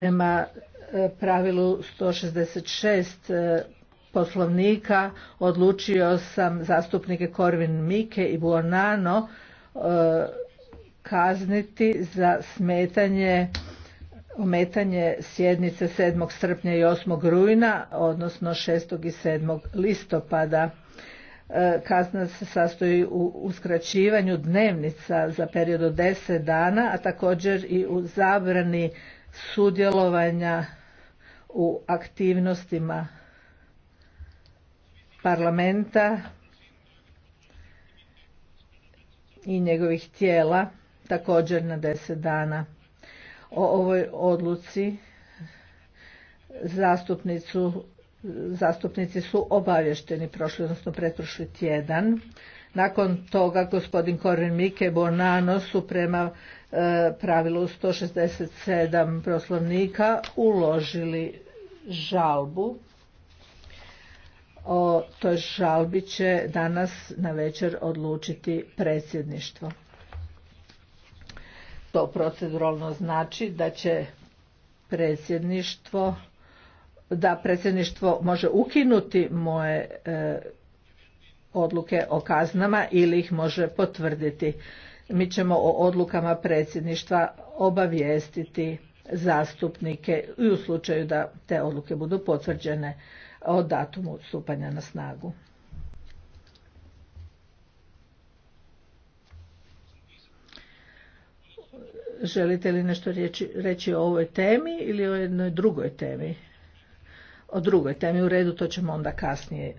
Prema e, pravilu 166 e, poslovnika odlučio sam zastupnike Korvin Mike i Buonano e, kazniti za smetanje ometanje sjednice 7. srpnja i 8. rujna, odnosno 6. i 7. listopada. Kazna se sastoji u uskraćivanju dnevnica za period od 10 dana, a također i u zabrani sudjelovanja u aktivnostima parlamenta i njegovih tijela također na deset dana. O ovoj odluci zastupnici su obavješteni prošli, odnosno pretprošli tjedan. Nakon toga gospodin Korin Mike Bonano su prema e, pravilu 167 proslovnika uložili žalbu. O toj žalbi će danas na večer odlučiti predsjedništvo. To proceduralno znači da će predsjedništvo da predsjedništvo može ukinuti moje e, odluke o kaznama ili ih može potvrditi. Mi ćemo o odlukama predsjedništva obavijestiti zastupnike i u slučaju da te odluke budu potvrđene o datumu stupanja na snagu. Želite li nešto reći, o ovoj temi ili o jednoj drugoj temi? O drugoj temi u redu to ćemo onda kasnije